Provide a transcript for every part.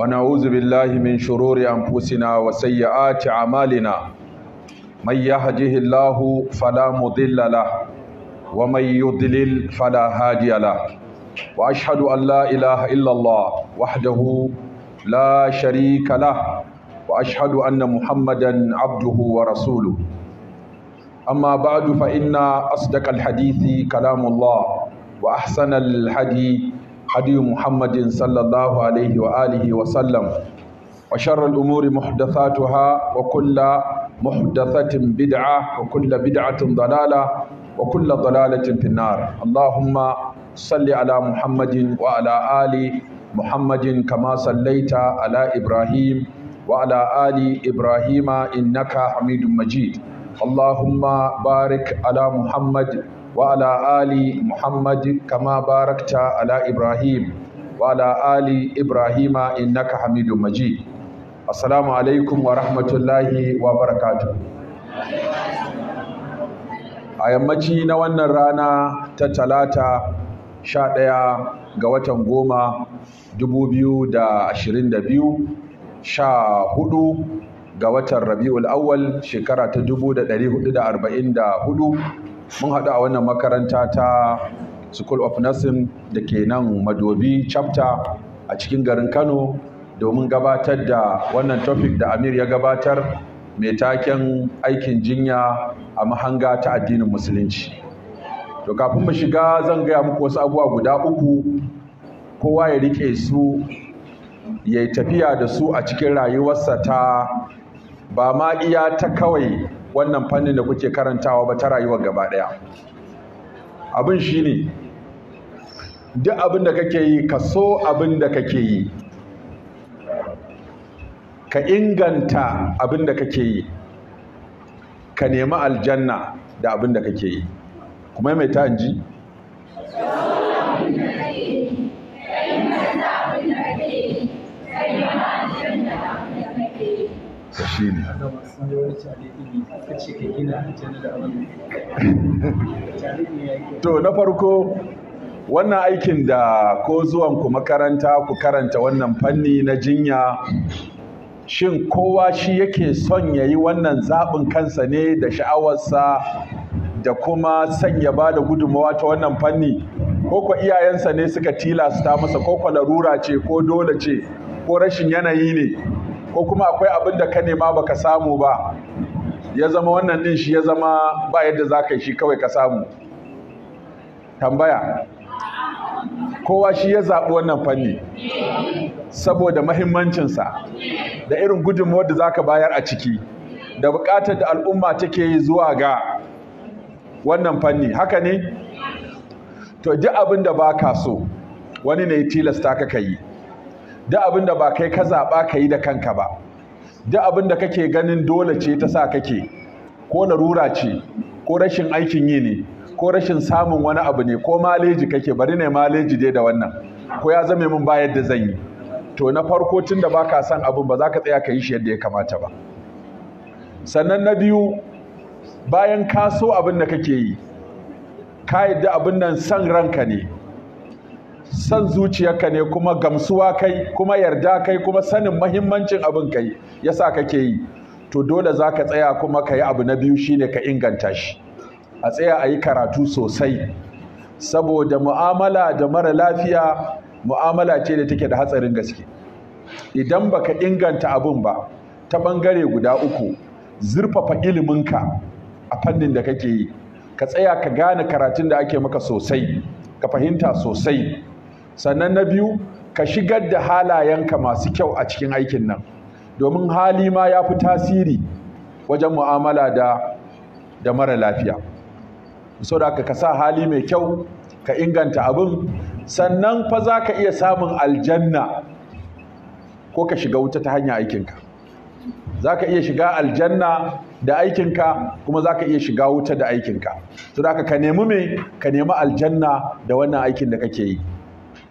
ونعوذ بالله من شرور أنفسنا وسيئات أعمالنا من يهده الله فلا مضل له ومن يضلل فلا هادي له وأشهد أن لا إله إلا الله وحده لا شريك له وأشهد أن محمدا عبده ورسوله أما بعد فإن أصدق الحديث كلام الله وأحسن الحديث هدي محمد صلى الله عليه وآله وسلم وشر الأمور محدثاتها وكل محدثة بدعة وكل بدعة ضلالة وكل ضلالة في النار اللهم صل على محمد وعلى آل محمد كما صليت على إبراهيم وعلى آل إبراهيم إنك حميد مجيد اللهم بارك على محمد وعلى آل محمد كما باركت على إبراهيم وعلى آل إبراهيم إنك حميد مجيد السلام عليكم ورحمة الله وبركاته a yammaci na wannan rana ta talata sha ɗaya ga watan goma dubu biyu da ashirin da biyu sha hudu ga watan rabi'ul awwal shekara ta dubu da ɗari hudu da arba'in da hudu mun haɗu a wannan makaranta ta School of Nursing da ke nan Madobi chapter a cikin garin Kano domin gabatar da wannan topic da Amir ya gabatar mai taken aikin jinya a mahanga ta addinin musulunci. To kafin mu shiga zan gaya muku wasu abubuwa guda uku kowa ya rike su ya tafiya da su a cikin rayuwarsa ta ba ma iya ta kawai wannan fannin da kuke karantawa ba ta rayuwar gaba ɗaya abin shi ne duk abin da kake yi ka so abin da kake yi ka inganta abin da kake yi ka nemi aljanna da abin da kake yi kuma mai ta ji shi ne to na farko wannan aikin da ko zuwan ku makaranta ku karanta wannan fanni na jinya shin kowa shi yake son ya yi wannan zaɓin kansa ne da sha'awarsa da kuma ya ba da gudunmawa ta wannan fanni ko ko iyayensa ne suka tilasta masa ko ko larura ce ko dole ce ko rashin yanayi ne ko kuma akwai abin da ka nema baka samu ba ya zama wannan din shi ya zama ba yadda za ka shi kawai ka samu tambaya kowa shi ya zaɓi wannan fanni saboda mahimmancinsa da irin gudunmawar da za ka bayar a ciki da buƙatar da al'umma take yi zuwa ga wannan fanni haka ne to ji abin da ba ka so wani ne tilasta ka ka yi duk abin da ba kai ka zaɓa ka yi da kanka ba da abin da kake ganin dole ce ta sa kake ko larura ce ko rashin aikin yi ne ko rashin samun wani abu ne ko maleji kake bari ne maleji dai da wannan ko ya zame min ba yadda zan yi to na farko tun da ba ka son abin ba za ka tsaya ka yi shi yadda ya kamata ba sannan na biyu bayan ka so abin da kake yi ka yadda abin nan son ranka ne son zuciyarka ne kuma gamsuwa kai kuma yarda kai kuma sanin mahimmancin abin kai yasa kake yi to dole za ka tsaya kuma ka yi abu na biyu shine ka inganta shi a tsaya a yi karatu sosai saboda mu'amala da mara lafiya mu'amala ce da take da hatsarin gaske idan baka inganta abin ba ta bangare guda uku zurfafa iliminka a fannin da kake yi ka tsaya ka gane karatun da ake maka sosai ka fahimta sosai sannan na biyu ka shigar da halayenka masu kyau a cikin aikin nan domin hali ma ya fi tasiri wajen mu'amala da da mara lafiya da ka sa hali mai kyau ka inganta abin sannan fa za ka iya samun aljanna ko ka shiga wuta ta hanyar aikinka za ka iya shiga aljanna da aikinka kuma za ka iya shiga wuta da aikinka da ka nemi me ka nemi aljanna da wannan aikin da kake yi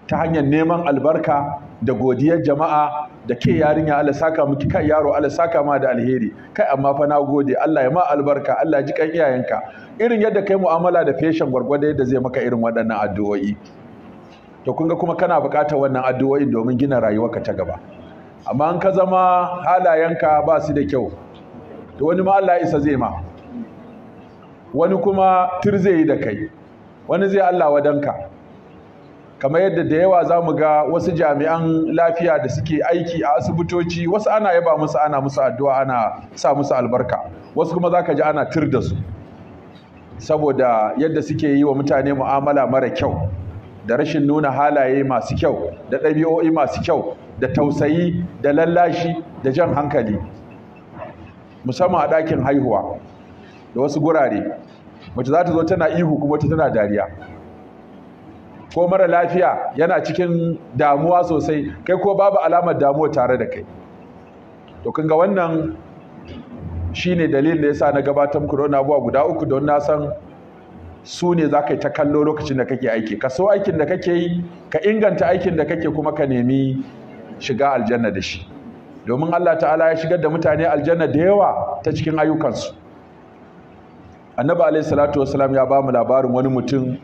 ta hanyar neman albarka da godiyar jama'a da ke yarinya Allah saka miki kai yaro Allah saka ma da alheri kai amma fa na gode Allah ya ma albarka Allah ji kan iyayenka irin yadda kai mu'amala da feshin gwargwado yadda zai maka irin waɗannan addu'o'i to kun ga kuma kana buƙatar wannan addu'o'i domin gina rayuwarka ta gaba amma in ka zama halayenka ba su da kyau to wani ma Allah isa zai ma wani kuma tur zai yi da kai wani zai Allah wadanka kamar yadda da yawa za mu ga wasu jami'an lafiya da suke aiki a asibitoci wasu ana yaba musu ana musu addu'a ana sa musu albarka wasu kuma za ka ji ana tir da su saboda yadda suke yi wa mutane mu'amala mara kyau da rashin nuna halaye masu kyau da ɗabi'o'i masu kyau da tausayi da lallashi da jan hankali musamman a ɗakin haihuwa da wasu gurare mace za ta zo tana ihu kuma ta tana dariya ko mara lafiya yana cikin damuwa sosai kai ko babu alamar damuwa tare da kai to kinga wannan shine dalilin da yasa na gabatar muku da abuwa guda uku don na san su ne za ka yi ta kallo lokacin da kake aiki ka so aikin da kake yi ka inganta aikin da kake kuma ka nemi shiga aljanna da shi domin Allah ta'ala ya shigar da mutane aljanna da yawa ta cikin ayyukansu annabi alaihi salatu wasalam ya ba mu labarin wani mutum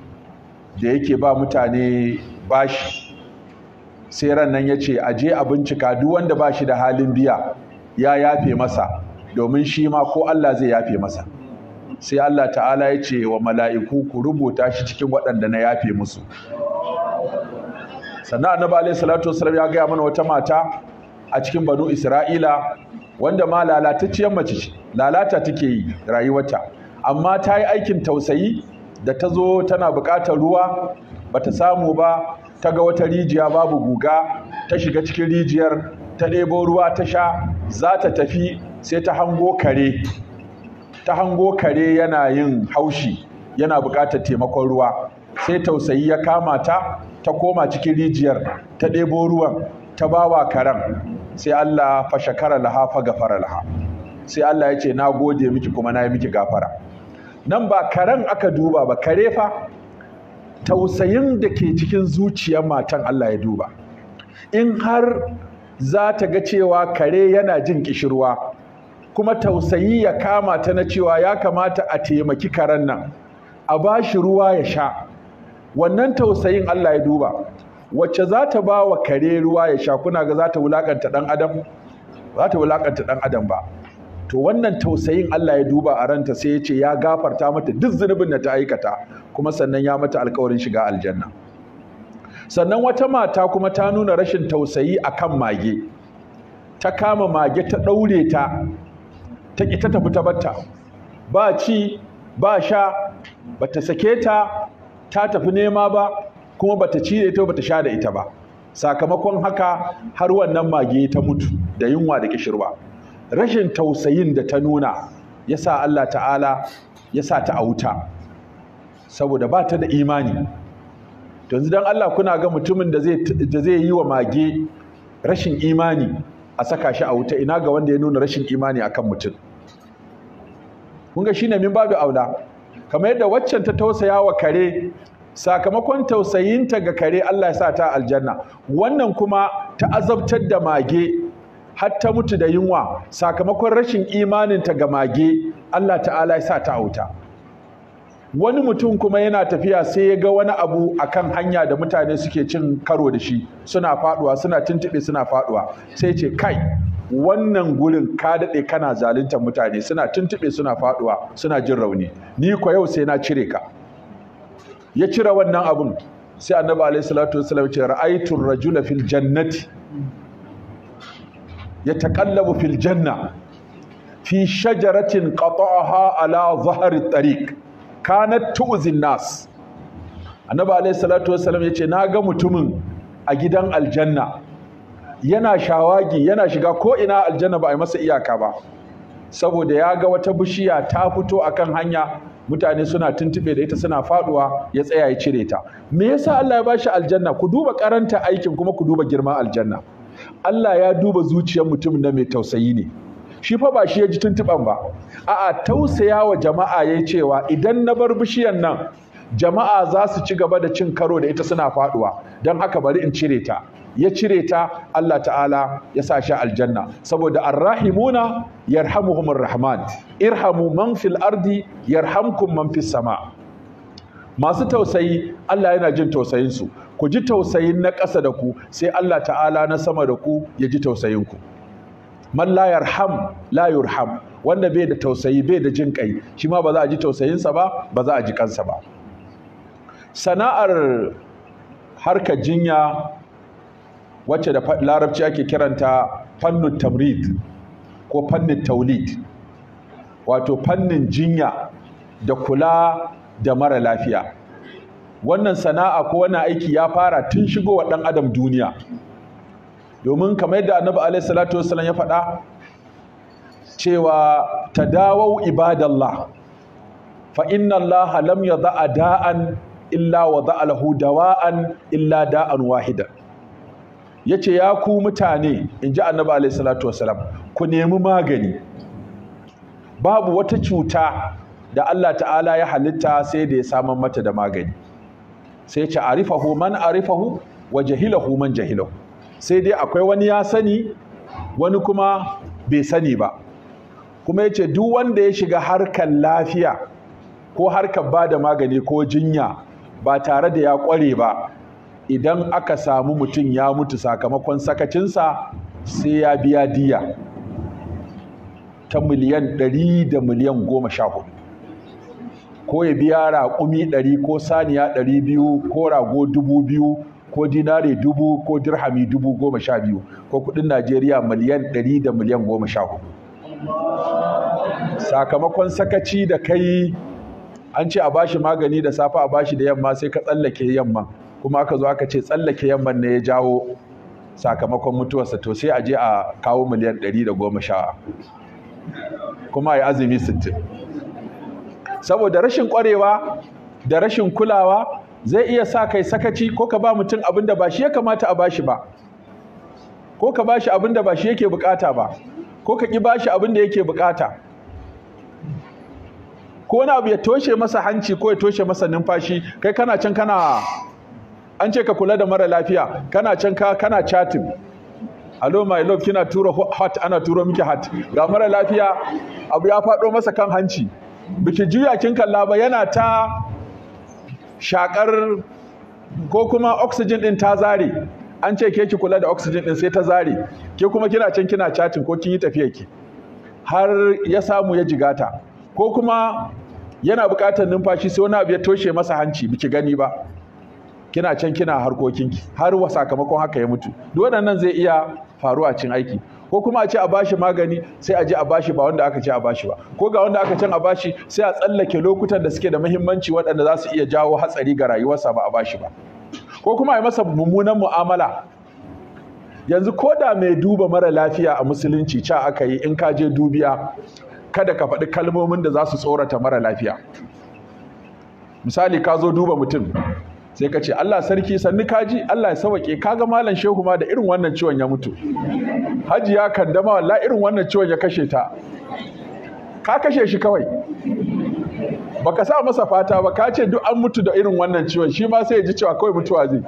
da yake ba mutane bashi sai ran nan ya ce a je a bincika duk wanda ba shi da halin biya ya yafe masa domin shi ma ko Allah zai yafe masa sai Allah ta'ala ya ce wa mala'iku ku rubuta shi cikin waɗanda na yafe musu sannan annabi alaihi salatu wasallam ya gaya mana wata mata a cikin banu isra'ila wanda ma lalatacciyar mace ce lalata take yi rayuwarta amma ta yi aikin tausayi da ta zo tana buƙatar ruwa ba ta samu ba ta ga wata rijiya babu guga ta shiga cikin rijiyar ta ɗebo ruwa ta sha za ta tafi sai ta hango kare ta hango kare yana yin haushi yana buƙatar taimakon ruwa sai tausayi ya kama ta ta koma cikin rijiyar ta ɗebo ruwan ta bawa karen sai Allah fa kara laha fa gafara laha sai Allah ya ce na gode miki kuma na yi miki gafara nan ba karen aka duba ba kare fa tausayin da ke cikin zuciyar matan Allah ya duba in har za ta ga cewa kare yana jin kishirwa kuma tausayi ya kama ta na cewa ya kamata a taimaki karen nan a ba shi ruwa ya sha wannan tausayin Allah ya duba wacce za ta ba wa kare ruwa ya sha kuna ga za ta wulakanta ɗan adam ɗan adam ba to wannan tausayin Allah ya duba a ranta sai ya ce ya gafarta mata duk zunubin da ta aikata kuma sannan ya mata alkawarin shiga aljanna sannan wata mata kuma ta nuna rashin tausayi akan mage ta kama mage ta daure ta ta ki ta tafi ta ba ci ba sha ba ta sake ta ta tafi nema ba kuma ba ta ci da ba ta sha da ita ba sakamakon haka har wannan mage ta mutu da yunwa da kishirwa rashin tausayin da ta nuna ya sa Allah ta'ala ya sa ta a wuta saboda ba ta da imani yanzu don Allah kuna ga mutumin da zai yi wa mage rashin imani a saka shi a wuta ina ga wanda ya nuna rashin imani a kan mutum kun ga ne min babu aula kamar yadda waccan ta tausaya wa kare sakamakon tausayinta ga kare Allah ya sa ta aljanna wannan kuma ta azabtar da mage har ta mutu da yunwa sakamakon rashin imaninta ga mage Allah ta'ala ya sa ta auta wani mutum kuma yana tafiya sai ya ga wani abu akan hanya da mutane suke cin karo da shi suna faduwa suna tuntube suna faduwa sai ce kai wannan gurin ka daɗe kana zaluntar mutane suna tuntube suna faduwa suna jin rauni ni ko yau sai na cire ka ya cire wannan abun sai annabi alaihi salatu wasallam ce ra'aytu rajula fil jannati yataqallabu fil janna fi shajaratin qata'aha ala zahri tariq kanat tu'zin nas annabi alayhi salatu wassalam yace na ga mutumin a gidan aljanna yana shawagi yana shiga ko ina aljanna ba a masa iyaka ba saboda ya ga wata bishiya ta fito akan hanya mutane suna tuntube da ita suna faduwa ya tsaya ya cire ta me yasa Allah ya bashi aljanna ku duba karanta aikin kuma ku duba girman aljanna Allah ya duba zuciyar mutum na mai tausayi ne shi fa ba shi ya ji tuntuɓan ba a'a tausaya wa jama'a ya cewa idan na bar bishiyan nan jama'a za su ci gaba da cin karo da ita suna faduwa don haka bari in cire ta ya cire ta Allah ta'ala ya sa shi aljanna saboda arrahimuna yarhamuhumur rahman irhamu man fil ardi yarhamkum man fis sama masu tausayi Allah yana jin tausayinsu ku ji tausayin na ƙasa da ku sai Allah ta'ala na sama da ku ya ji tausayinku man la yarham la yurham wanda bai da tausayi bai da jin kai shi ma ba za a ji tausayinsa ba ba za a ji kansa ba sana'ar harka jinya wacce da larabci ake kiranta fannin tamrid ko fannin taulid wato fannin jinya da kula da mara lafiya wannan sana'a ko wannan aiki ya fara tun shigowa ɗan adam duniya domin kamar yadda annabi alaihi salatu wasallam ya faɗa cewa tadawau ibadallah fa inna Allah lam yadha da'an illa wa da'a lahu dawa'an illa da'an wahida yace ya ku mutane inji annabi alaihi salatu wasallam ku nemi magani babu wata cuta da Allah ta'ala ya halitta sai da ya samar mata da magani sai ce arifahu man arifahu wa jahilahu man jahilahu sai dai akwai wani ya sani wani kuma bai sani ba kuma ya ce duk wanda ya shiga harkar lafiya ko harkar ba da magani ko jinya ba tare da ya ƙware ba idan aka samu mutum ya mutu sakamakon sakacinsa sai ya biya diya ta miliyan ɗari da miliyan goma sha hudu ko ya biya raƙumi ɗari ko saniya ɗari biyu ko rago dubu biyu ko dinare dubu ko dirhami dubu goma sha biyu ko kuɗin najeriya miliyan ɗari da miliyan goma sha hudu sakamakon sakaci da kai an ce a bashi magani da safe a bashi da yamma sai ka tsallake yamma kuma aka zo aka ce tsallake yamma ne ya jawo sakamakon mutuwarsa to sai a je a kawo miliyan ɗari da goma sha kuma ya azumi sittin saboda rashin ƙwarewa da rashin kulawa zai iya sa kai sakaci ko ka ba mutum abin da ba shi ya kamata a bashi ba ko ka shi abin da ba shi yake bukata ba ko ka ki bashi abin da yake bukata ko wani abu ya toshe masa hanci ko ya toshe masa numfashi kai kana can kana an ce ka kula da mara lafiya kana can ka kana chatin hello my love kina tura hot ana tura miki hot ga mara lafiya abu ya faɗo masa kan hanci biki juya kin kalla ba yana ta shakar ko kuma oxygen din ta zare an ce ke ki kula da oxygen din sai ta zare ke kuma kina can kina chatin ko kin yi tafiya ki har ya samu ya jigata ko kuma yana buƙatar numfashi sai wani abu ya toshe masa hanci biki gani ba kina can kina harkokinki har wa sakamakon haka ya mutu duk waɗannan zai iya faruwa cin aiki ko kuma a ce a bashi magani sai a je a bashi ba wanda aka ce a bashi ba ko ga wanda aka can a bashi sai a tsallake lokutan da suke da muhimmanci waɗanda za su iya jawo hatsari ga rayuwarsa ba a bashi ba ko kuma a yi masa mummunan mu'amala yanzu ko da mai duba mara lafiya a musulunci ca aka yi in ka je dubiya kada ka faɗi kalmomin da za su tsorata mara lafiya misali ka zo duba mutum sai ka ce Allah sarki sannu kaji Allah ya sawake kaga malam shehu ma da irin wannan ciwon ya mutu hajiya kandama wallahi irin wannan ciwon ya kashe ta ka kashe shi kawai baka sa masa fata ba ka ce duk an mutu da irin wannan ciwon shi ma sai ya ji cewa kawai mutuwa zai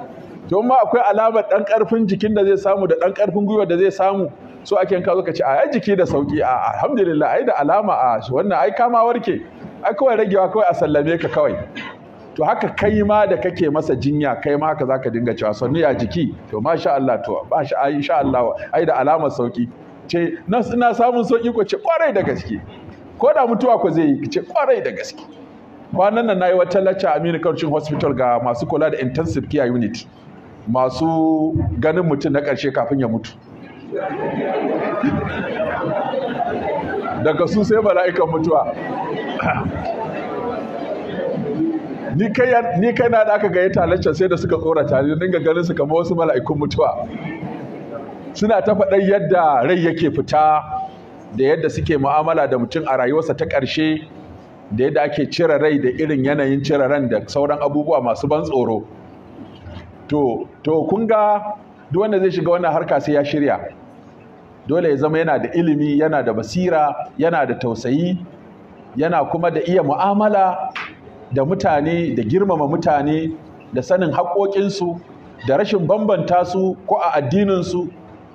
to ma akwai alamar dan karfin jikin da zai samu da dan karfin gwiwa da zai samu so ake ka zo ka ce a jiki da sauki a alhamdulillah ai da alama a wannan ai kama warke ai kawai ragewa kawai a sallame ka kawai to haka kai ma da kake masa jinya kai ma haka zaka dinga cewa sannu ya jiki to masha Allah to ba masha insha Allah ai da alamar sauki ce na ina samun sauki ko ce kwarai da gaske ko da mutuwa ko zai yi ce kwarai da gaske kwanan nan nayi wata lacca Aminu Karshen Hospital ga masu kula da intensive care unit masu ganin mutum na ƙarshe kafin ya mutu daga su sai mala'ikan mutuwa ni kai na da aka gayyata lacca sai da suka tsorata ni dinga ganin su kamar wasu mala'ikun mutuwa suna ta faɗan yadda rai yake fita da yadda suke mu'amala da mutum a rayuwarsa ta ƙarshe da yadda ake cire rai da irin yanayin cire ran da sauran abubuwa masu ban tsoro to to kun ga duk wanda zai shiga wannan harka sai ya shirya dole ya zama yana da ilimi yana da basira yana da tausayi yana kuma da iya mu'amala da mutane da girmama mutane da sanin haƙoƙinsu da rashin bambanta su ko a addininsu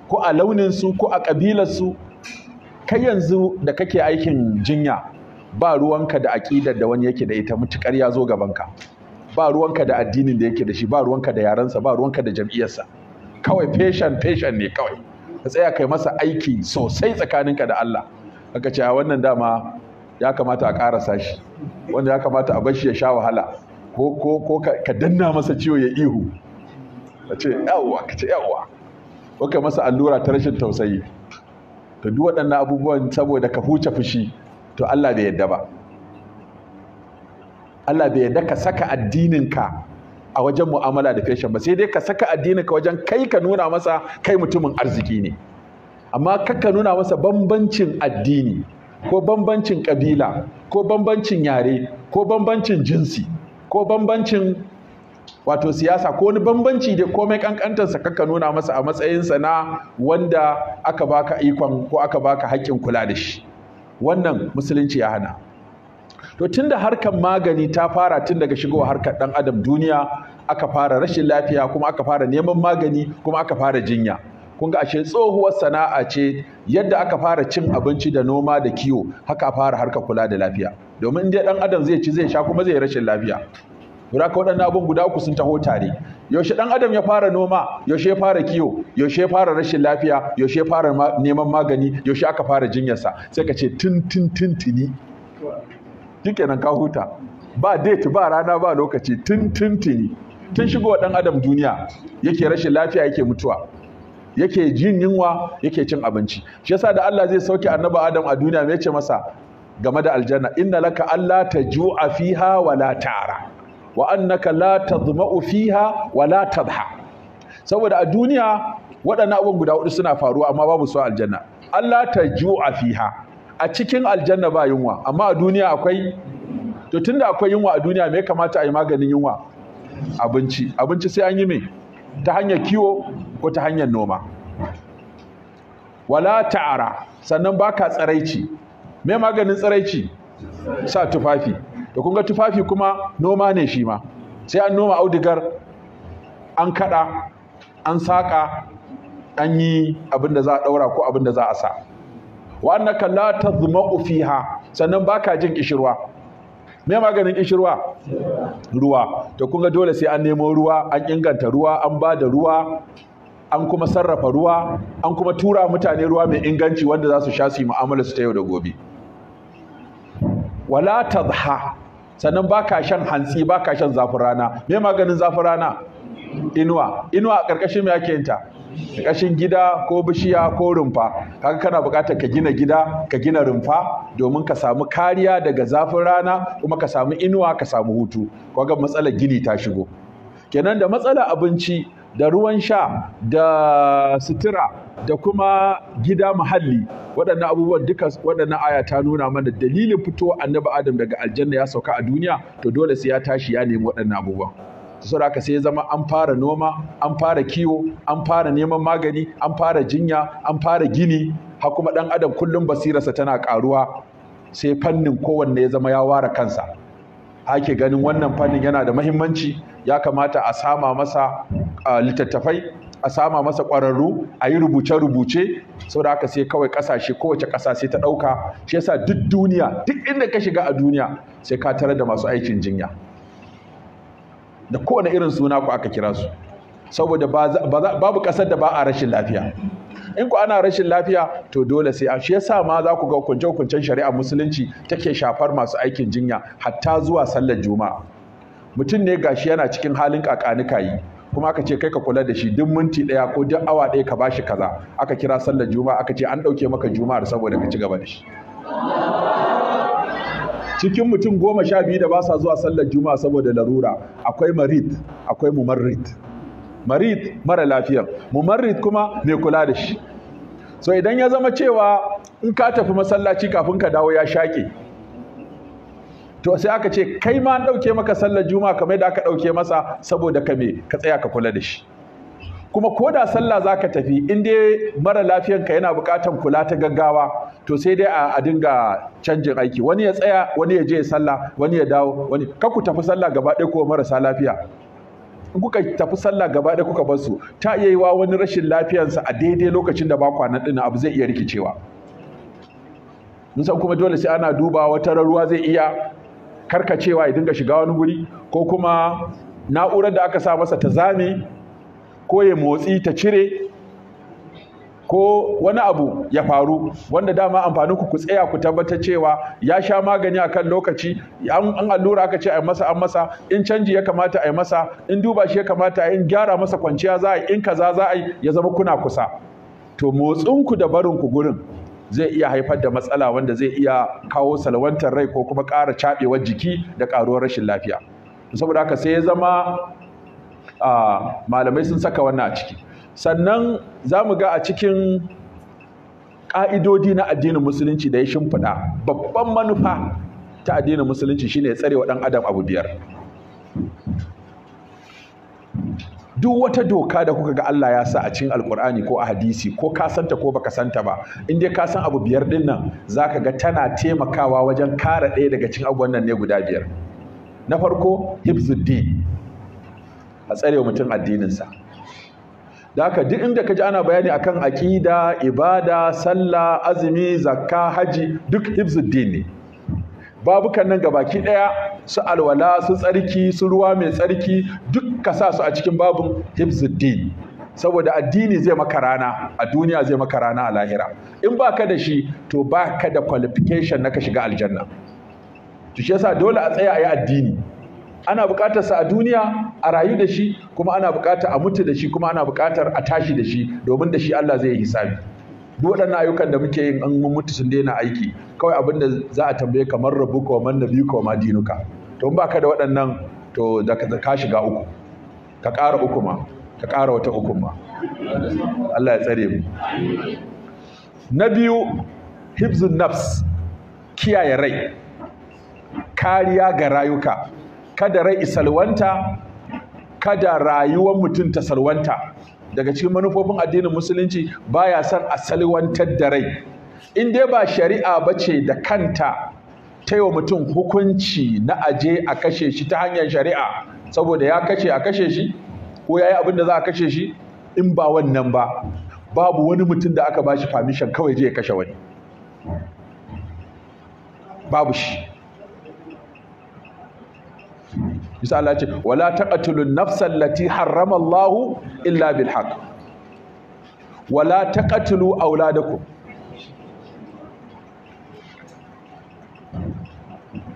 ko a launinsu ko a ƙabilarsu kai yanzu da kake aikin jinya ba ruwanka da aƙidar da wani yake da ita mutuƙar ya zo gabanka ba ruwanka da addinin da yake da shi ba ruwanka da yarensa ba ruwanka da jam'iyyarsa kawai fashion fashion ne kawai ka tsaya kai masa aiki sosai tsakaninka da Allah aka ce wannan dama ya kamata a ƙarasa shi wanda ya kamata a bashi ya sha wahala ko ko ko ka danna masa ciwo ya ihu ka ce yawwa ka ce yawwa ko ka masa allura ta rashin tausayi to duk waɗannan abubuwan saboda ka huce fushi to Allah bai yadda ba Allah bai yadda ka saka addininka a wajen mu'amala da fashion ba sai dai ka saka addininka wajen kai ka nuna masa kai mutumin arziki ne amma kakka nuna masa bambancin addini ko bambancin ƙabila ko bambancin yare ko bambancin jinsi ko bambancin wato siyasa ko wani bambanci da komai kankantarsa kaka nuna masa a matsayinsa na wanda aka baka ikon ko aka baka haƙƙin kula da shi wannan musulunci ya hana to tun da harkar magani ta fara tun daga shigowa harkar ɗan adam duniya aka fara rashin lafiya kuma aka fara neman magani kuma aka fara jinya kun ga ashe tsohuwar sana'a ce yadda aka fara cin abinci da noma da kiwo haka fara harka kula da lafiya domin inda dan adam zai ci zai sha kuma zai rashin lafiya Kura ka waɗannan abin guda uku sun taho tare. Yaushe dan adam ya fara noma, yaushe ya fara kiwo, yaushe ya fara rashin lafiya, yaushe ya fara neman magani, yaushe aka fara jinyarsa. Sai ka ce tun tun tun tuni. kenan ka huta. Ba date, ba rana, ba lokaci, tun tun tuni. Tun shigo dan adam duniya yake rashin lafiya yake mutuwa. yake jin yunwa yake cin abinci shi yasa da Allah zai sauke annabi Adam a duniya me ce masa game da aljanna inna laka alla taju'a fiha wa la tara wa annaka la tadma'u fiha wa la tadha saboda a duniya waɗannan abubuwan guda hudu suna faruwa amma babu su aljanna Allah taju'a fiha a cikin aljanna ba yunwa amma a duniya akwai to tunda akwai yunwa a duniya me ya kamata a yi maganin yunwa abinci abinci sai an yi me ta hanyar kiwo ko ta hanyar noma wala ta'ara sannan baka tsaraici me maganin tsaraici sa tufafi to kun ga tufafi kuma noma ne shi ma sai an noma audigar an kada an saka an yi abin za a daura ko abinda za a sa wa annaka la tazma'u fiha sannan baka jin kishirwa me maganin kishirwa ruwa to kun ga dole sai an nemo ruwa an inganta ruwa an ba da ruwa an kuma sarrafa ruwa an kuma tura mutane ruwa mai inganci wanda za su sha su yi mu'amala su ta yau da gobe wala tadha sannan baka shan hantsi baka shan zafin rana me maganin zafin rana inuwa inuwa a ƙarƙashin me ake yinta ta gida ko bishiya ko rumfa kaga kana buƙatar ka gina gida ka gina rumfa domin ka samu kariya daga zafin rana kuma ka samu inuwa ka samu hutu kaga matsalar gini ta shigo kenan da matsalar abinci da ruwan sha da sutura da kuma gida muhalli waɗannan abubuwan duka waɗannan aya ta nuna mana dalilin fito annabi adam daga aljanna ya sauka a duniya to dole sai ya tashi ya nemi waɗannan abubuwan saboda haka sai zama an fara noma an fara kiwo an fara neman magani an fara jinya an fara gini har kuma ɗan adam kullum basirarsa tana ƙaruwa sai fannin kowanne ya zama ya ware kansa ake ganin wannan fannin yana da mahimmanci ya kamata a sama masa littattafai a sama masa ƙwararru a yi rubuce-rubuce saboda haka sai kawai ƙasashe kowace ƙasa sai ta ɗauka shi yasa duk duniya duk inda ka shiga a duniya sai ka tarar da masu aikin jinya da kowane irin suna ku aka kira su saboda babu ƙasar da ba a rashin lafiya in ku ana rashin lafiya to dole sai a shi yasa ma za ku ga hukunce-hukuncen shari'a musulunci take shafar masu aikin jinya hatta zuwa sallar juma'a mutum ne gashi yana cikin halin yi. kuma aka ce kai ka kula da shi duk minti daya ko duk awa daya ka bashi kaza aka kira sallar juma'a aka ce an dauke maka juma'ar saboda ka ci gaba da shi cikin mutum goma sha biyu da ba sa zuwa sallar juma'a saboda larura akwai marid akwai mumarrid marid mara lafiya mumarrid kuma mai kula da shi so idan ya zama cewa in ka tafi masallaci kafin ka dawo ya shaƙe to sai aka ce kai ma an ɗauke maka sallar juma kamar da aka ɗauke masa saboda ka me ka tsaya ka kula da shi kuma ko da sallah za ka tafi in dai mara lafiyanka yana buƙatar kula ta gaggawa to sai dai a dinga canjin aiki wani ya tsaya wani ya je sallah wani ya dawo wani ka ku tafi sallah gaba ɗaya ko marasa lafiya in kuka tafi sallah gaba ɗaya kuka bar su ta iya yi wa wani rashin lafiyansa a daidai lokacin da ba kwanan ɗin abu zai iya rikicewa mun san kuma dole sai ana duba wata ruwa zai iya karkacewa ya dinga shiga wani guri ko kuma na'urar da aka sa masa ta zame ko ya motsi ta cire ko wani abu ya faru wanda dama amfanin ku ku tsaya ku tabbatar cewa ya sha magani a kan lokaci an allura aka ce a masa an masa in canji ya kamata a masa in duba shi ya kamata in gyara masa kwanciya za a yi in kaza za a yi ya zama kuna kusa to motsinku da barinku gurin zai iya haifar da matsala wanda zai iya kawo salwantar rai ko kuma ƙara caɓewar jiki da ƙaruwar rashin lafiya saboda haka sai ya zama malamai sun saka wannan a ciki sannan za mu ga a cikin ƙa'idodi na addinin musulunci da ya shimfiɗa babban manufa ta addinin musulunci shine ya tsare wa ɗan adam abu biyar duk wata doka da kuka ga Allah ya sa a cikin alkur'ani ko a hadisi ko ka santa ko baka santa ba in dai ka san abu biyar din nan zaka ga tana taimakawa wajen kare ɗaya daga cikin abubuwan nan ne guda biyar na farko hibzuddin a tsare mutum addininsa da haka duk inda ka ji ana bayani akan aƙida ibada sallah azumi zakka haji duk hibzuddin ne babukan nan gabaki ɗaya su alwala su tsarki su ruwa mai tsarki duk ka sa su a cikin babin hibzuddin saboda addini zai maka rana a duniya zai maka rana a lahira in ba ka da shi to ba ka da qualification na ka shiga aljanna to shi yasa dole a tsaya a yi addini ana buƙatar sa a duniya a rayu da shi kuma ana buƙatar a mutu da shi kuma ana buƙatar a tashi da shi domin da shi Allah zai yi hisabi duk waɗannan ayyukan da muke yin an mun mutu sun daina aiki kawai abin da za a tambaye kamar rabu ko man nabi ko ma dinuka to in baka da waɗannan to da ka shiga uku ka ƙara uku ma ka ƙara wata uku ma Allah ya tsare mu na biyu hibzun nafs kiyaye rai kariya ga rayuka kada rai isalwanta kada rayuwar mutum ta salwanta daga cikin manufofin addinin musulunci baya san asali wantar da rai in dai ba shari'a ba ce da kanta ta yi wa mutum hukunci na aje a kashe shi ta hanyar shari'a saboda ya kashe a kashe shi ko ya yi abin da za a kashe shi in ba wannan ba babu wani mutum da aka ba shi famishin kawai je ya kashe wani babu shi bisa Allah ce wala taqatulun nafsal lati harrama Allahu illa bil haqq wala taqatulu auladakum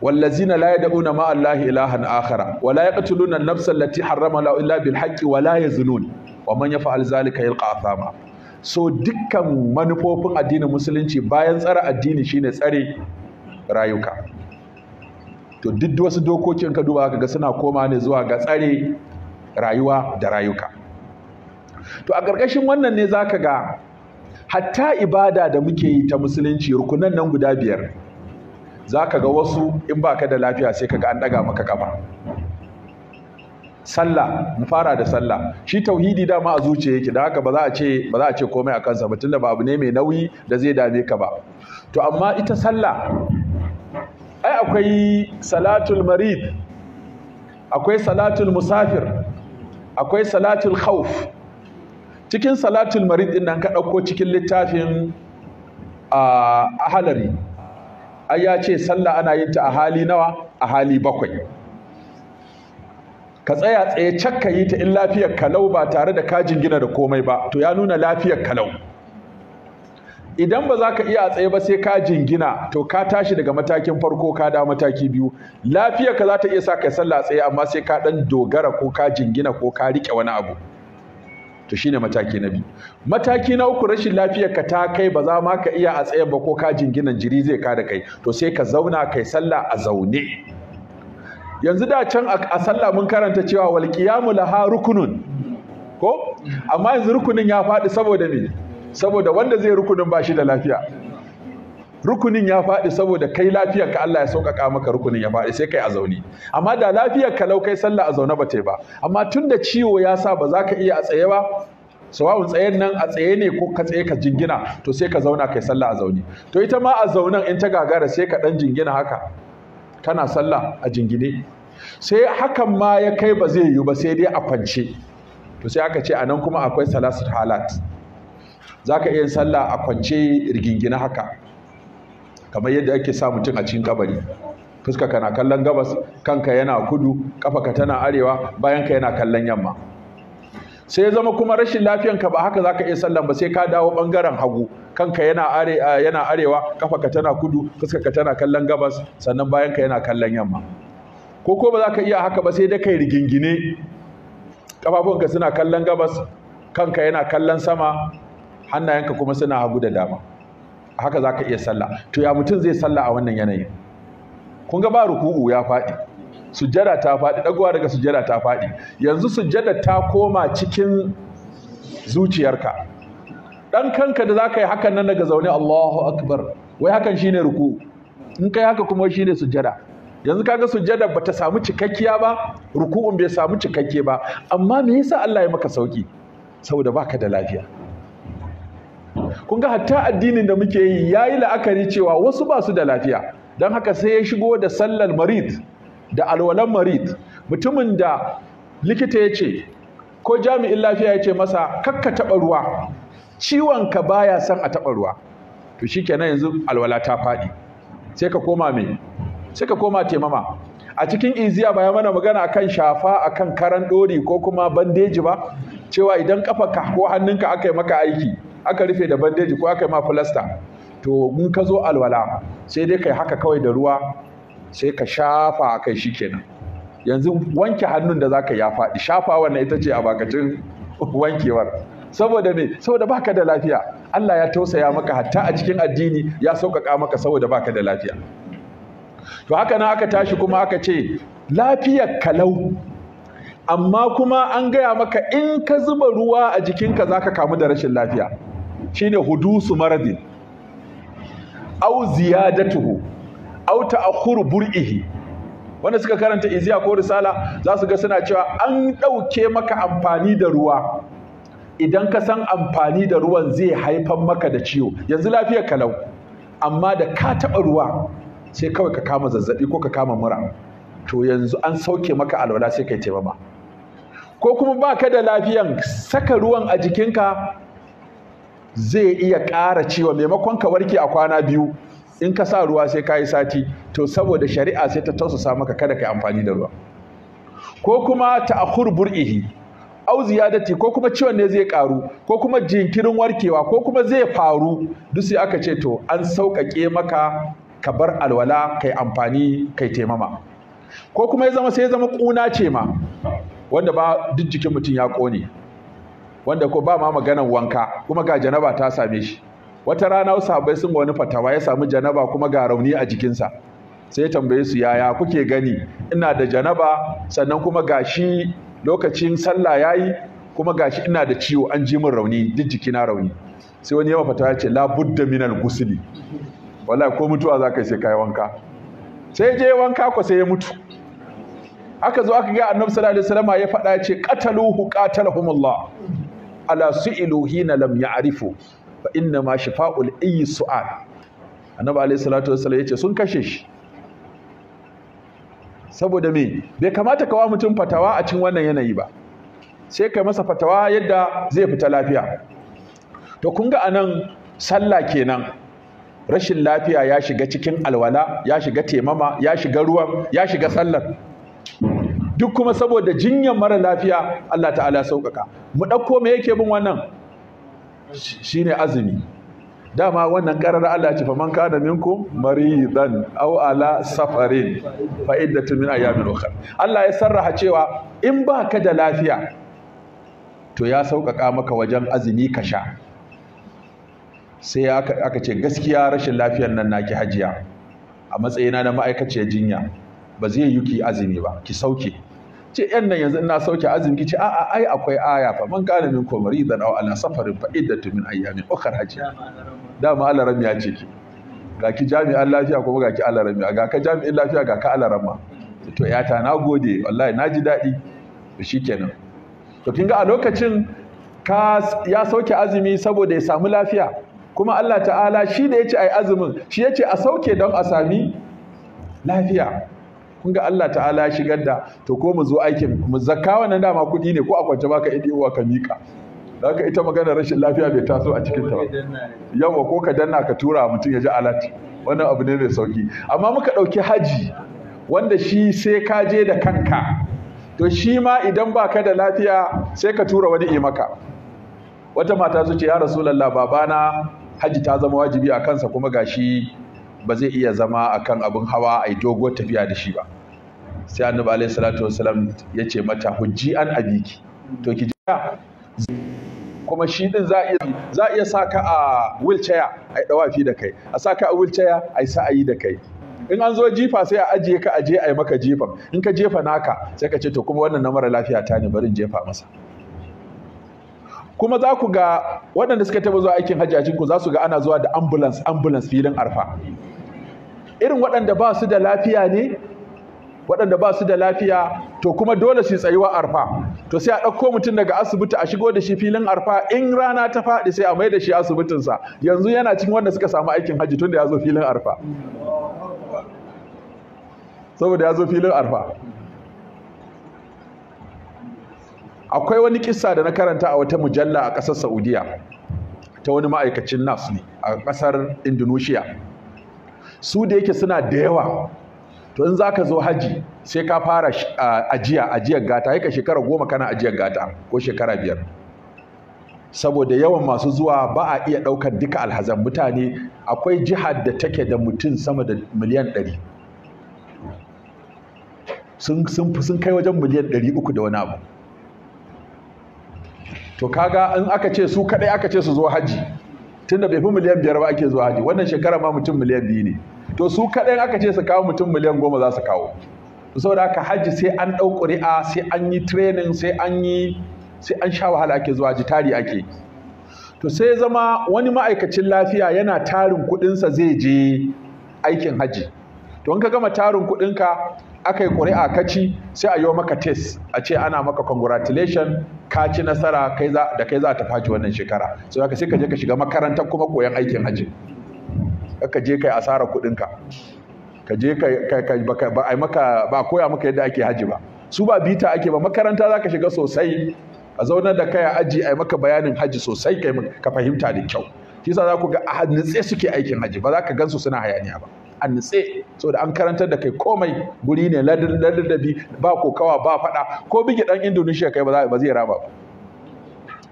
والذين لا يدعون مع الله إلها آخر ولا يقتلون النفس التي حرم الله إلا بالحق ولا يزنون ومن يفعل ذلك يلقى أثاما so dukkan manufofin addinin musulunci bayan tsara addini shine tsare rayuka to duk wasu dokokin ka duba ga suna koma ne zuwa ga tsare rayuwa da rayuka to a ƙarƙashin wannan ne zaka ga hatta ibada da muke yi ta musulunci rukunan nan guda biyar zaka ga wasu in baka da lafiya sai ka ga an ɗaga maka kafa sallah mu fara da sallah shi tauhidi dama a zuciya yake da haka ba za a ce ba za a ce komai a kansa ba tunda ba ne mai nauyi da zai dame ka ba to amma ita sallah ai akwai salatul marid akwai salatul musafir akwai salatul khawf cikin salatul marid din nan ka ɗauko cikin littafin a halari ai ya ce sallah ana yin ta a hali nawa a hali bakwai ka tsaya tsaye cakka yi ta in lafiyar kalau ba tare da kajin gina da komai ba to ya nuna lafiyar kalau idan ba za ka iya a tsaye ba sai ka jingina to ka tashi daga matakin farko ka da mataki biyu lafiya ka za ta iya sa ka sallah a tsaye amma sai ka dan dogara ko ka jingina ko ka rike wani abu to shine mataki na biyu mataki na uku rashin lafiyar ka ta kai ba za ma ka iya a tsaye ba ko ka jingina jiri zai ka da kai to sai ka zauna kai sallah a zaune yanzu da can a sallah mun karanta cewa wal qiyamu laha rukunun ko amma yanzu rukunin ya faɗi saboda me saboda wanda zai rukunin ba shi da lafiya rukunin ya faɗi saboda kai lafiyar ka Allah ya sauƙaƙa maka rukunin ya faɗi sai kai a zaune amma da lafiyar ka lau kai sallah a zaune ba ta ba amma tun da ciwo ya sa ba za ka iya a tsaye ba sawawun tsayen nan a tsaye ne ko ka tsaye ka jingina to sai ka zauna kai sallah a zaune to ita ma a zaunen in ta gagara sai ka ɗan jingina haka kana sallah a jingine sai hakan ma ya kai ba zai yiwu ba sai dai a kwance to sai aka ce anan kuma akwai salasul halat za ka iya sallah a kwance rigingina haka kamar yadda ake sa mutum a cikin kabari fuska kana kallon gabas kanka yana kudu ka tana arewa bayan ka yana kallon yamma sai ya zama kuma rashin ka ba haka zaka iya sallan ba sai ka dawo bangaren hagu kanka yana are yana arewa kafaka tana kudu ka tana kallon gabas sannan bayan ka yana kallon yamma ko ko ba ka iya haka ba sai dakai kai rigingine kafafunka suna kallon gabas kanka yana kallon sama hannayenka kuma suna hagu da dama haka za ka iya sallah to ya mutum zai sallah a wannan yanayin kun ga ba ruku'u ya faɗi sujjada ta faɗi ɗagowa daga sujjada ta faɗi yanzu sujjada ta koma cikin zuciyarka Dan kanka da za ka yi hakan nan daga zaune Allahu akbar wai hakan shine ruku in kai haka kuma shine sujjada yanzu kaga sujjada bata samu cikakkiya ba ruku'un bai samu cikakke ba amma me yasa Allah ya maka sauki saboda baka da lafiya kun ga hatta addinin da muke yi yayi la'akari cewa wasu ba su da lafiya don haka sai ya shigo da sallar marid da alwalan marid mutumin da likita ya ce ko jami'in lafiya ya ce masa kakka taɓa ruwa ka baya san a taɓa ruwa to shikenan yanzu alwala ta faɗi sai ka koma me sai ka koma a cikin iziya baya mana magana akan shafa akan karan ɗori ko kuma bandeji ba cewa idan ka ko hannunka aka yi maka aiki aka rufe da bandeji ko aka yi ma filasta to mun ka zo alwala sai dai kai haka kawai da ruwa sai ka shafa a kai shi kenan yanzu wanke hannun da za ka ya faɗi shafa wannan ita ce a bakacin wankewar saboda me saboda baka da lafiya Allah ya tausaya maka hatta a cikin addini ya sauƙaƙa maka saboda baka da lafiya to haka nan aka tashi kuma aka ce lafiyar kalau amma kuma an gaya maka in ka zuba ruwa a jikinka zaka kamu da rashin lafiya Shi shine hudusu maradin au ziyadatuhu au ta'akhuru bur'ihi wanda suka karanta iziya ko risala za su ga suna cewa an ɗauke maka amfani da ruwa idan ka san amfani da ruwan zai haifar maka da ciwo yanzu lafiyar kalau amma da ka taɓa ruwa sai kawai ka kama zazzaɓi ko ka kama mura to yanzu an sauke maka alwala sai kai taimama ko kuma ba ka da lafiyan saka ruwan a jikinka zai iya ƙara cewa maimakon ka warke a kwana biyu in ka sa ruwa sai ka yi sati to saboda shari'a sai ta tausasa maka kada ka yi amfani da ruwa ko kuma ta'akhur bur'ihi au ziyadati ko kuma ciwon ne zai karu ko kuma jinkirin warkewa ko kuma zai faru duk sai aka ce to an sauƙaƙe maka ka bar alwala kai amfani kai taimama ko kuma ya zama sai ya zama ƙuna ce ma wanda ba duk jikin mutum ya ƙone wanda ko ba ma maganan wanka kuma ga janaba ta same shi wata rana sahabbai sun ga wani fatawa ya samu janaba kuma ga rauni a jikinsa sai ya tambaye su yaya kuke gani ina da janaba sannan kuma gashi lokacin sallah yayi kuma gashi ina da ciwo an ji min rauni duk jikina rauni sai wani yawa fatawa ya ce la budda minal gusli wallahi ko mutuwa za sai kai wanka sai je wanka ko sai ya mutu aka zo aka ga annabi sallallahu alaihi wasallam ya faɗa ya ce qataluhu qatalahumullah ala su'ilu hina lam ya'rifu fa inna ma shifa'ul ayyi su'al annabi alayhi salatu wassalam yace sun kashe shi saboda me bai kamata ka wa mutum fatawa a cikin wannan yanayi ba sai kai masa fatawa yadda zai fita lafiya to kun ga anan sallah kenan rashin lafiya ya shiga cikin alwala ya shiga temama ya shiga ruwan ya shiga sallar duk kuma saboda jinyar mara lafiya Allah ta'ala sauƙaƙa mu ɗauko me yake bin wannan shine azumi dama wannan karar Allah ce faman kana minku maridan aw ala safarin fa iddatu min ayamin ukhra Allah ya sarraha cewa in ba ka da lafiya to ya sauƙaƙa maka wajen azumi ka sha sai aka ce gaskiya rashin lafiyar nan naki hajiya a matsayina na ma'aikaciyar jinya ba zai yi azumi ba ki sauke ce yan nan yanzu ina sauke azumi kici a a ai akwai aya fa man kana min komari da aw ala safarin fa iddatu min ayyamin ukhra ce dama alaram ya ce ki ga ki jami'an lafiya kuma ga ki alaram ga ka jami'in lafiya ga ka alarama to yata na gode wallahi na ji daɗi to shikenan to kin ga a lokacin ka ya sauke azumi saboda ya samu lafiya kuma Allah ta'ala shi da a yi azumin shi yace a sauke don a sami lafiya kun ga Allah ta'ala ya shigar da to ko mu zo aikin mu zakka wannan dama kuɗi ne ko a kwance baka idiyowa ka mika haka ita maganar rashin lafiya bai taso a cikin ta ba yawa ko ka danna ka tura mutum ya ji alat wannan abu ne mai sauki amma muka ɗauki haji wanda shi sai ka je da kanka to shi ma idan baka da lafiya sai ka tura wani imaka wata mata su ce ya rasulallah babana haji ta zama wajibi a kansa kuma gashi ba zai iya zama akan abin hawa ai doguwar tafiya da shi ba sai annabi alaihi salatu wasalam ya ce mata hujji an abiki to ki jiya kuma shi din za a za iya saka a wheelchair ai dawafi da kai a saka a wheelchair ai sa'ayi da kai in an zo jifa sai a ajiye ka aje ai maka jifa in ka jefa naka sai ka ce to kuma wannan na mara lafiya ta ne barin jefa masa kuma za ku ga waɗanda suka taɓa zuwa aikin hajji a za su ga ana zuwa da ambulance ambulance filin arfa irin waɗanda ba su da lafiya ne waɗanda ba su da lafiya to kuma dole su tsayuwa arfa to sai a ɗauko mutum daga asibiti a shigo da shi filin arfa in rana ta faɗi sai a mai da shi asibitinsa yanzu yana cikin wanda suka samu aikin hajji tun da ya zo filin arfa saboda ya zo filin arfa akwai wani kissa da na karanta a wata mujalla a ƙasar saudiya ta wani ma'aikacin nas ne a ƙasar indonesia su da yake suna da yawa to in zaka zo haji sai ka fara ajiya ajiyar gata haika shekara goma kana ajiyar gata ko shekara biyar saboda yawan masu zuwa ba a iya ɗaukar duka alhazan mutane akwai jihar da take da mutum sama da miliyan ɗari sun kai wajen miliyan ɗari uku da wani abu to kaga in aka ce su kadai aka ce su zo haji tunda bai fi miliyan biyar ba ake zuwa haji wannan shekara ma mutum miliyan biyu ne to su kadai aka ce su kawo mutum miliyan goma za su kawo saboda haka haji sai an ɗau ƙuri'a sai an yi training sai an yi sai an sha wahala ake zuwa haji tari ake to sai zama wani ma'aikacin lafiya yana tarin kuɗinsa zai je aikin haji to in ka gama tarin kuɗinka aka yi ƙuri'a kaci sai a yi maka test a ce ana maka congratulation ka ci nasara da kai za a tafi haji wannan shekara sai aka sai ka je ka shiga makarantar kuma koyan aikin haji ka je kai asara kuɗinka ka je ka ba a maka ba koya maka yadda ake haji ba su ba bita ake ba makaranta za ka shiga sosai a zauna da kai a aji a maka bayanin haji sosai ka fahimta da kyau shi yasa za ku ga a nutse suke aikin haji ba za ka gan su suna hayaniya ba a nitse saboda an karantar da kai komai guri ne ladabi ba kokawa ba fada ko bige dan Indonesia kai ba zai raba ba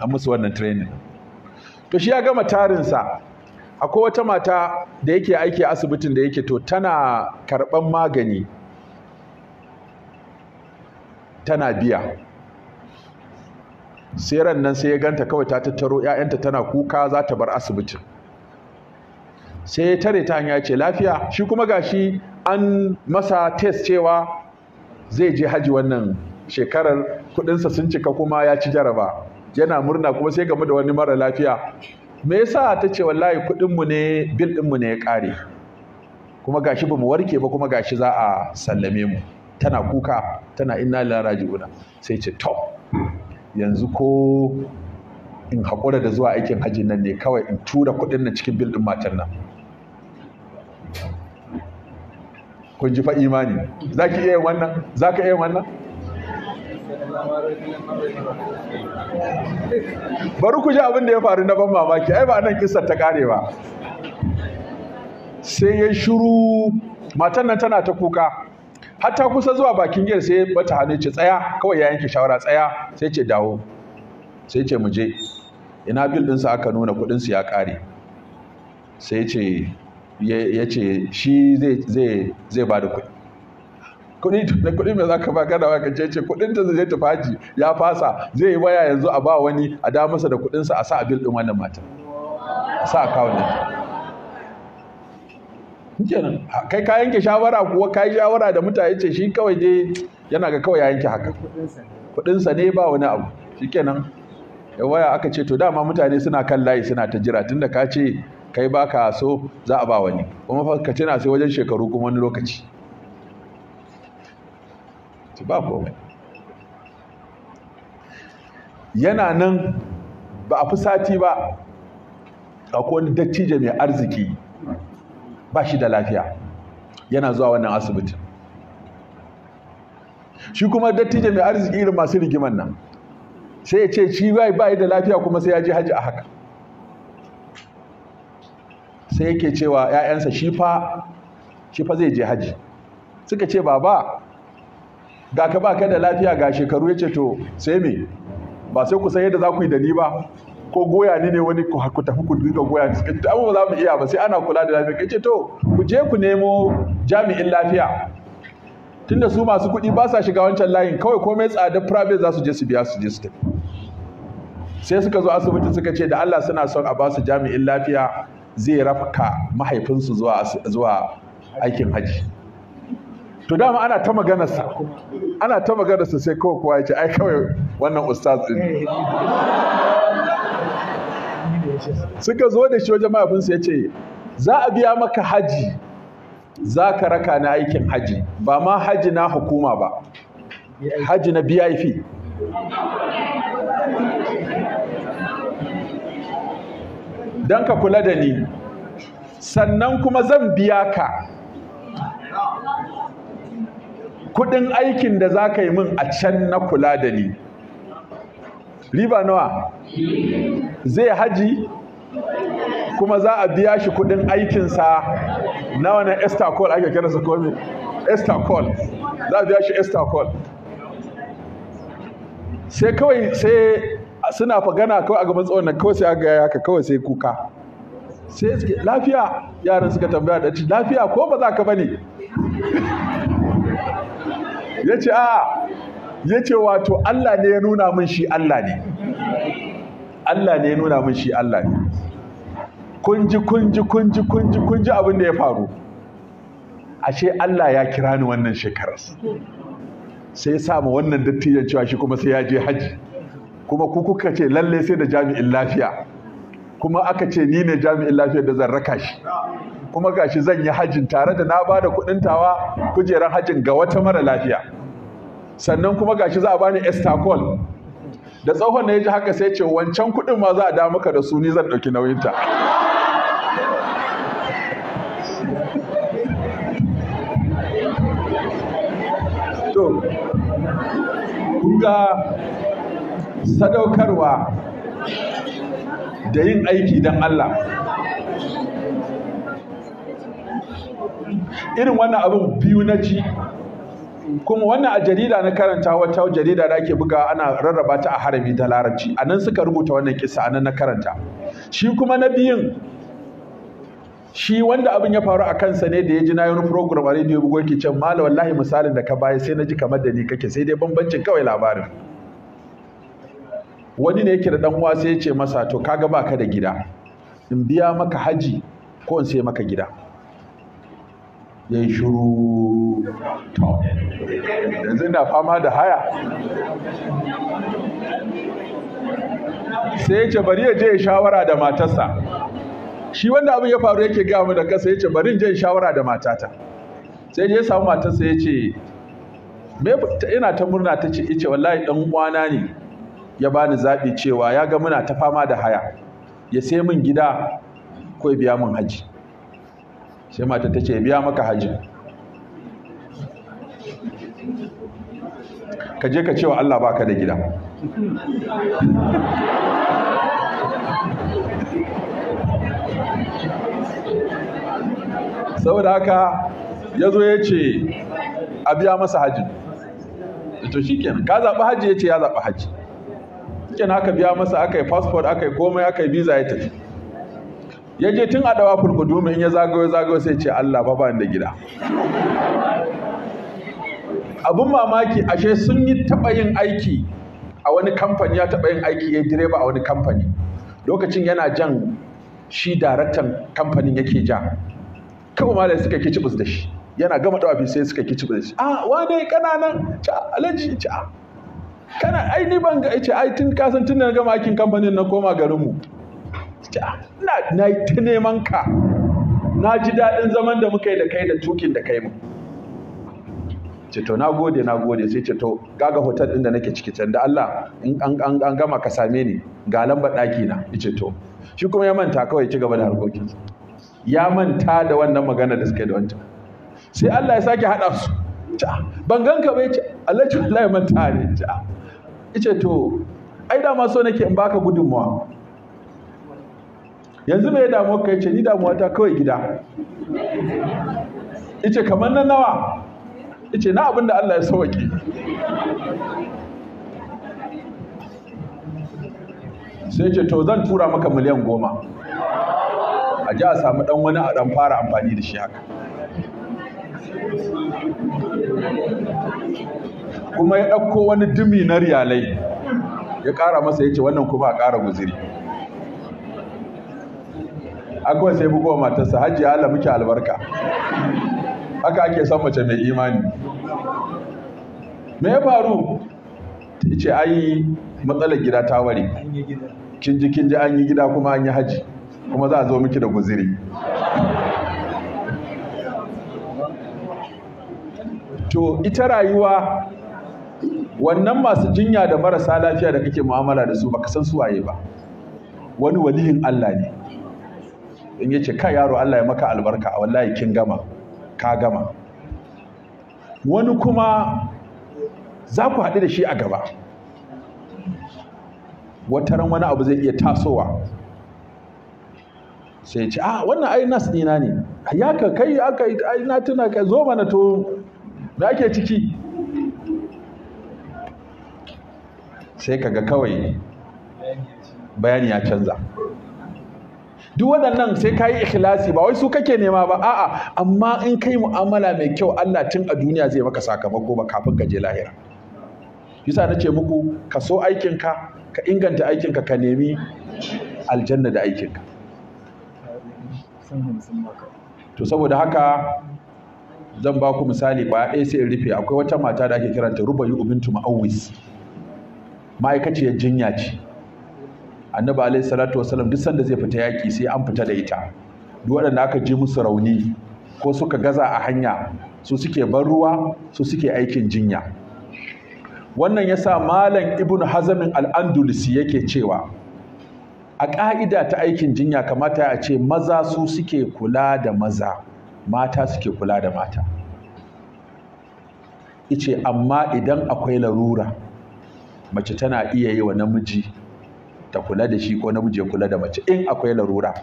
an musu wannan training to shi ya gama tarin sa akwai wata mata da yake aiki a asibitin da yake to tana karban magani tana biya sai ran nan sai ya ganta kawai ta tattaro 'ya'yanta tana kuka za ta bar asibitin sai ya tare ta hanya ce lafiya shi kuma gashi an masa test cewa zai je haji wannan shekarar kudinsa sun cika kuma ya ci jaraba yana murna kuma sai game da wani mara lafiya me yasa ta ce wallahi kudinmu ne bil mu ne ya kare? kuma gashi ba mu warke ba kuma gashi za a sallame mu tana kuka tana inna lillahi raji'una sai ce to yanzu ko in haƙura da zuwa aikin hajji nan ne kawai in tura kuɗin nan cikin bil ɗin matar nan kun ji fa imani za ki iya wannan za ka iya wannan bari ku ji abin da ya faru na ban mamaki ai ba nan kisar ta kare ba sai ya shiru matan nan tana ta kuka har ta kusa zuwa bakin giyar sai bata hannu ce tsaya kawai ya yanke shawara tsaya sai ce dawo sai ce mu je ina bil ɗinsa aka nuna kuɗinsu ya ƙare sai ce ya ce shi zai ba da kudi kudi da kudi mai ka ba gada waka ce ce kudin ta zai tafi haji ya fasa zai yi waya yanzu a ba wani a da masa da kuɗinsa a sa a bil ɗin wannan mata a sa a kawo kenan kai ka yanke shawara kuwa ka yi shawara da mutane ce shi kawai dai yana ga kawai ya yanke haka kuɗinsa ne ba wani abu ya waya aka ce to dama mutane suna kan layi suna ta jira tunda ka ce kai ba ka so za a ba wani kuma fa ka tana sai wajen shekaru kuma wani lokaci ba komai yana nan ba a fi sati ba akwai wani dattijo mai arziki ba shi da lafiya yana zuwa wannan asibitin shi kuma dattijo mai arziki irin masu rigiman nan sai ya ce shi bai bai da lafiya kuma sai ya je haji a haka sai yake cewa ‘ya'yansa shi fa zai je haji suka ce baba ga ka ba ka da lafiya ga shekaru ya ce to sai me ba sai ku san da za ku yi da ni ba ko goya ni ne wani ku ku tafi ku dinga goya ni suka ce ba za mu iya ba sai ana kula da lafiya ka ce to ku je ku nemo jami'in lafiya tunda su masu kuɗi ba sa shiga wancan layin kawai komai tsada private za su je su biya su je su tafi sai suka zo asibiti suka ce da Allah suna son a ba su jami'in lafiya zai rafka mahaifinsu zuwa aikin haji to dama ana ta maganarsa ana ta maganarsa sai kawai kowa ya ce ai kawai wannan ustaz din suka zo da shi wajen mahaifinsu ya ce za a biya maka haji za ka raka na aikin haji ba ma haji na hukuma ba haji na biya don ka kula da ni sannan kuma zan biya ka kudin aikin da za ka yi min a can na kula da ni riba nawa zai haji kuma za a biya shi kudin aikinsa na wani esther call ake kira su komi esther call za a biya shi esther call sai kawai sai suna fagana kawai a gaban tsawon nan kawai sai aga haka kawai sai kuka sai suke lafiya yaran suka tambaya da ci lafiya ko ba za ka bane ya ce a ya ce wato Allah ne ya nuna min shi Allah ne Allah ne ya nuna min shi Allah ne Kun kun kun ji, ji, ji, kun ji, kun ji, abin da ya faru ashe Allah ya kira ni wannan shekarar sai ya samu wannan dattijan cewa shi kuma sai ya je haji kuma ku kuka ce lalle sai da jami'in lafiya kuma aka ce ni ne jami'in lafiya da zan raka shi kuma gashi zan yi hajjin tare da na bada kuɗin tawa kujerar hajjin ga wata mara lafiya sannan kuma gashi za a bani estacol da tsohon na ya ji haka sai ce wancan kuɗin ma za a da maka da su ni zan ɗauki nauyinta to sadaukarwa da yin aiki don Allah irin wannan abin biyu na ji kuma wannan a jarida na karanta wata jarida da ake buga ana rarraba ta a harami da larabci a nan suka rubuta wannan kisa a nan na karanta shi kuma na biyun shi wanda abin ya faru a kansa ne da ya ji na wani program a rediyo bugon kicin ce mala wallahi misalin da ka baya sai na ji kamar da ni kake sai dai bambancin kawai labarin wani ne yake da dan uwa sai ya ce masa to kaga baka da gida in biya maka haji ko in sai maka gida ya yi shuru to yanzu ina fama da haya sai ya ce bari ya je shawara da matarsa shi wanda abin ya faru yake gaya mu da kasa ya ce bari in je shawara da matata sai ya samu matarsa ya ce ina ta murna ta ce ice wallahi dan uwana ne ya bani zaɓi cewa ya ga muna ta fama da haya ya sai min gida ko biya min haji sai mata ta ce biya maka haji ka je ka cewa Allah baka da gida saboda haka ya zo ya ce a biya masa haji to shi kenan ka zaɓi haji ya ce ya zaɓi haji cikin aka biya masa aka yi passport aka yi komai aka yi visa ya tafi ya je tun adawa furgudu in ya zagayo zagayo sai ce Allah ba ba da gida Abin mamaki ashe sun yi taɓa yin aiki a wani kamfani ya taɓa yin aiki ya direba a wani kamfani lokacin yana jan shi daraktan kamfanin yake ja kawai malai suka kicibus da shi yana gama dawafi sai suka kicibus da shi ah wane kananan ci alaji kana ai ni ban ga ce ai tun kasan tun da gama aikin kamfanin ah, na koma garin mu na na ta neman ka na ji daɗin zaman da muka yi da kai da tukin da kai mu ce to na gode na gode sai ce to gaga hotel din da nake ciki can da Allah in an an gama ka same ni ga lambar ɗaki na ce to shi kuma ya manta kawai ci gaba da harkokin ya manta da wannan magana da suka da wancan sai Allah ya sake haɗa su ah, ban ganka bai ce Allah ya manta ne ah, ice to ai dama so nake in baka gudunmuwa yanzu mai damu ka ce, ni damuwa ta kawai gida ice kamar na nawa ice na abin da Allah ya sauke sai ce to zan tura maka miliyan goma a ji a samu dan wani a dan fara amfani da shi haka kuma ya ɗauko wani dumi na riyalai ya ƙara masa ya ce wannan kuma a ƙara guziri akwai sai bugowa matarsa hajji Allah muke albarka haka ake san mace mai imani me ya faru ta ce ai matsalar gida ta ware kin ji kin ji an yi gida kuma an yi haji kuma za a zo miki da guziri to ita rayuwa wannan masu jinya da marasa lafiya da kake mu'amala da su baka san su waye ba wani walihin Allah ne in yace ka yaro Allah ya maka albarka wallahi kin gama ka gama wani kuma za ku haɗu da shi a gaba Wata ran wani abu zai iya tasowa sai ya ce a ah, wannan ai nas ɗina ne ya ka kai aka ai na tuna ka zo mana to me ake ciki sai kaga kawai bayani ya canza duk waɗannan sai ka yi ikhlasi ba wai su kake nema ba a'a amma in kai mu'amala mai kyau Allah tun a duniya zai maka sakamako ba kafin ka je lahira yasa na ce muku ka so aikinka ka inganta aikinka ka nemi aljanna da aikinka to saboda haka zan ba ku misali ba ɗaya sai in rufe akwai wata mata da ake kiranta rubayu ubintu ma'awis ma'aikaciyar jinya ce annabi alai salatu wasalam duk sanda zai fita yaƙi sai an fita da ita duk waɗanda aka ji musu rauni ko suka gaza a hanya su suke ban ruwa su suke aikin jinya wannan ya sa malam ibn hazamin al'andulisi yake cewa a ƙa'ida ta aikin jinya kamata a ce maza su suke kula da maza mata suke kula da mata ice amma idan akwai larura mace tana iya yi wa namiji ta kula da shi ko namiji ya kula da mace in akwai larura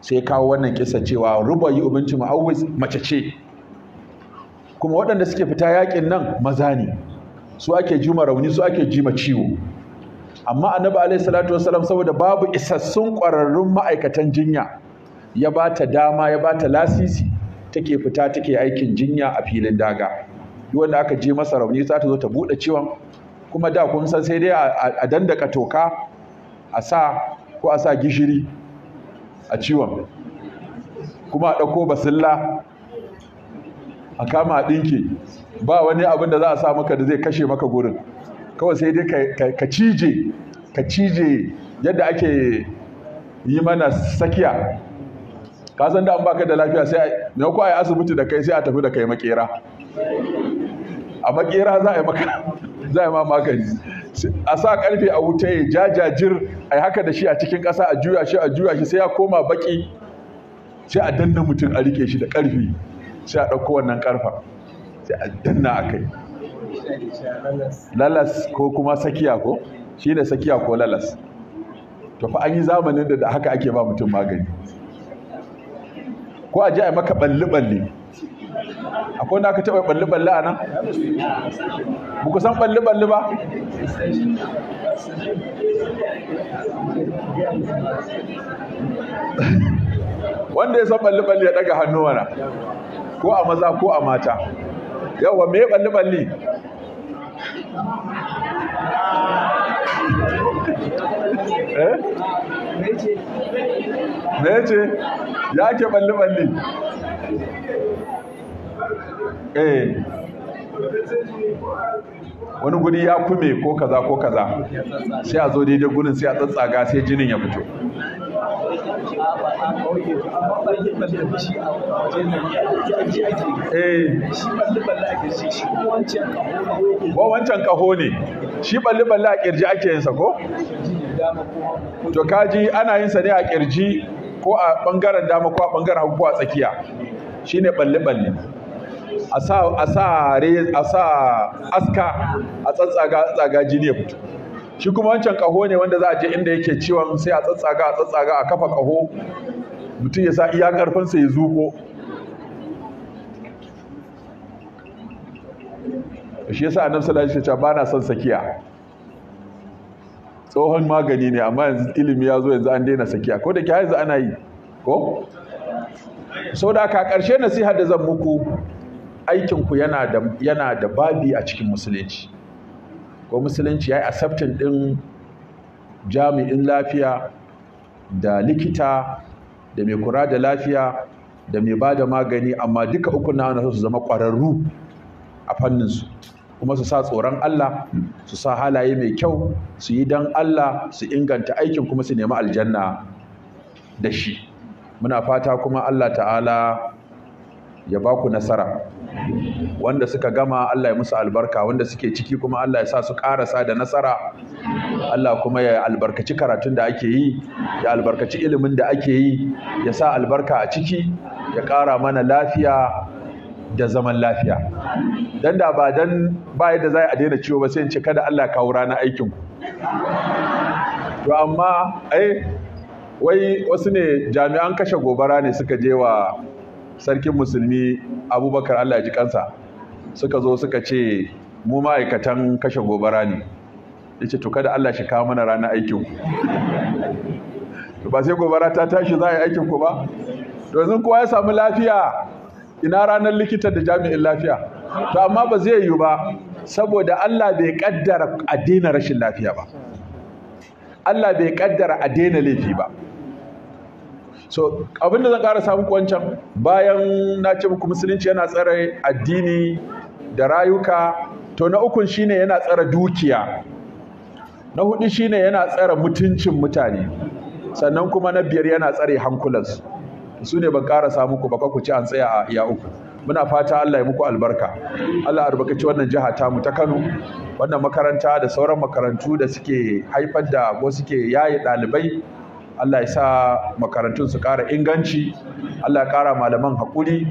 sai kawo wannan kisa cewa ruba yi ubinci ma'awis mace ce kuma waɗanda suke fita yakin nan maza ne su ake jima rauni su ake jima ciwo amma annabi alaihi salatu wasalam saboda babu isassun ƙwararrun ma'aikatan jinya ya ba ta dama ya ba ta lasisi take fita take aikin jinya a filin daga wanda aka je masa rauni za ta zo ta buɗe ciwon kuma da kun san sai dai a dandaka toka a sa ko a sa gishiri a ciwon kuma a ɗauko basilla a kama ɗinki ba wani abin da za a sa maka da zai kashe maka gurin kawai sai dai ka cije ka cije yadda ake yi mana sakiya ka san da an baka da lafiya sai me ko asibiti da kai sai a tafi da kai makera a makera za a yi maka za a ma magani a sa karfe a wuta ya jajajir a haka da shi a cikin ƙasa a juya shi a juya shi sai ya koma baki sai a danna mutum a rike shi da karfi sai a ɗauko wannan karfa sai a danna a kai lalas ko kuma sakiya ko shi ne sakiya ko lalas to fa an yi zamanin da haka ake ba mutum magani ko a ji a maka balle-balle akwai da aka taɓa ɓalli-ɓalli a nan ba ku san ɓalli-ɓalli ba wanda ya san ɓalli-ɓalli ya ɗaga hannu mana ko a maza ko a mata yawa me ɓalli ɓalli eh me ce ya ke ɓalli-ɓalli? eh wani guri ya kume ko kaza ko kaza sai a zo daidai gurin sai a tsatsaga sai jinin ya fito Wa eh. wancan kaho ne, shi balle-balle a kirji ake yinsa ko? To kaji ana yinsa ne a kirji ko a ɓangaren dama ko a ɓangaren hagu a tsakiya, shi ne balli balle a sa aska a tsatsaga jini ya fito shi kuma wancan kaho ne wanda za a je inda yake ciwon sai a tsatsaga a tsatsaga a kafa kaho mutum ya sa iya karfinsa ya zuko shi yasa annabi sallallahu shi wasallam ba na son sakiya tsohon magani ne amma yanzu ilimi ya zo yanzu an daina sakiya ko da ke haizu ana yi ko sau da aka ƙarshe nasihar da zan muku aikinku yana da yana da babi a cikin musulunci ko musulunci ya yi accepting ɗin jami'in lafiya da likita da mai kura da lafiya da mai ba da magani amma duka uku na wani su zama ƙwararru a fanninsu kuma su sa tsoron Allah su sa halaye mai kyau su yi don Allah su inganta aikin kuma su nemi aljanna da shi muna fata kuma Allah ta'ala ya ba ku nasara wanda suka gama Allah ya musu albarka wanda suke ciki kuma Allah ya sa su karasa da nasara Allah kuma ya albarkaci karatun da ake yi ya albarkaci ilimin da ake yi ya sa albarka a ciki ya kara mana lafiya da zaman lafiya dan da ba dan ba yadda za a daina ciwo ba sai in ce kada Allah kawo rana aikin ku to amma ai eh, wai wasu ne jami'an kashe gobara ne suka je wa sarkin musulmi abubakar allah ji kansa suka zo suka ce mu ma'aikatan kashe gobara ne ya ce to kada allah shi kawo mana ranar aikin ku ba sai gobara ta tashi za a yi aikin ku ba to yanzu kowa ya samu lafiya ina ranar likita da jami'in lafiya to amma ba zai yiwu ba saboda allah bai kaddara a rashin lafiya ba allah bai kaddara a daina laifi ba so abin da zan ƙara samu wancan bayan na ce muku musulunci yana tsare addini da rayuka to na ukun shine yana tsare dukiya na hudu shine yana tsare mutuncin mutane sannan kuma na biyar yana tsare hankulansu su ne ban samu ku baka ku ci an tsaya a iya uku muna fata Allah ya muku albarka Allah albarkaci wannan jiha ta mu ta Kano wannan makaranta da sauran makarantu da suke haifar da ko suke yaye ɗalibai Allah ya sa makarantun su ƙara inganci Allah ya ƙara malaman haƙuri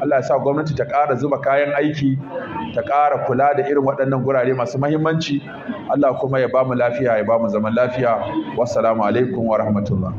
Allah ya sa gwamnati ta ƙara zuba kayan aiki ta ƙara kula da irin waɗannan gurare masu mahimmanci Allah kuma ya ba mu lafiya ya ba mu zaman lafiya wassalamu alaikum wa rahmatullah